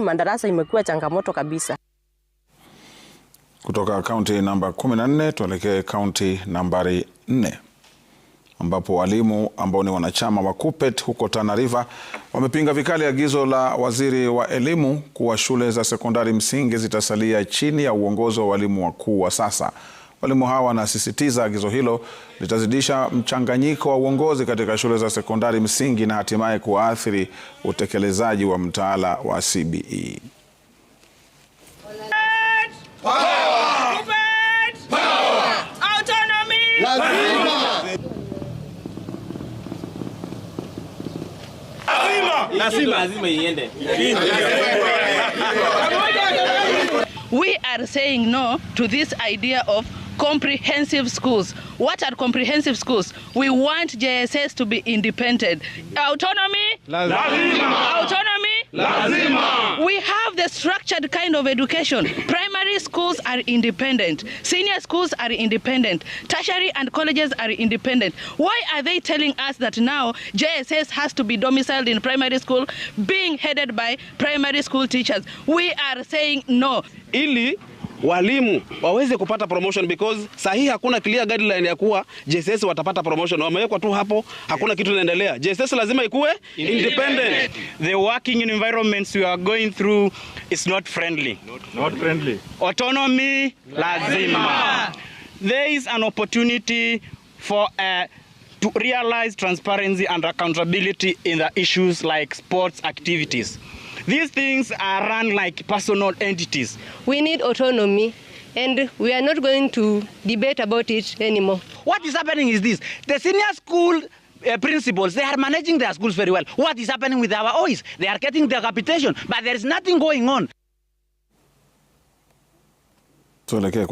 Madarasa imekuwa changamoto kabisa. Kutoka kaunti namba 14 tuelekee kaunti nambari 4 ambapo walimu ambao ni wanachama wa KUPPET huko Tana River wamepinga vikali agizo la waziri wa elimu kuwa shule za sekondari msingi zitasalia chini ya uongozi wa walimu wakuu wa sasa. Walimu hawa wanasisitiza agizo hilo litazidisha mchanganyiko wa uongozi katika shule za sekondari msingi na hatimaye kuathiri utekelezaji wa mtaala wa CBE. We are saying no to this idea of comprehensive schools. What are comprehensive schools? We want JSS to be independent. Autonomy? Lazima. Autonomy? Lazima. We have the structured kind of education. Primary schools are independent. Senior schools are independent. Tertiary and colleges are independent. Why are they telling us that now JSS has to be domiciled in primary school being headed by primary school teachers? We are saying no. Ili walimu waweze kupata promotion because sahi hakuna clear guideline ya kuwa JSS watapata promotion. Wamewekwa tu hapo, hakuna kitu inaendelea. JSS lazima ikuwe independent. The working environments we are going through is not friendly. Not friendly. Autonomy lazima. There is an opportunity for a uh, to realize transparency and accountability in the issues like sports activities. These things are run like personal entities. We need autonomy and we are not going to debate about it anymore. What is happening is this. The senior school uh, principals, they are managing their schools very well. What is happening with our OIs? They are getting their capitation, but there is nothing going on. Tuelekee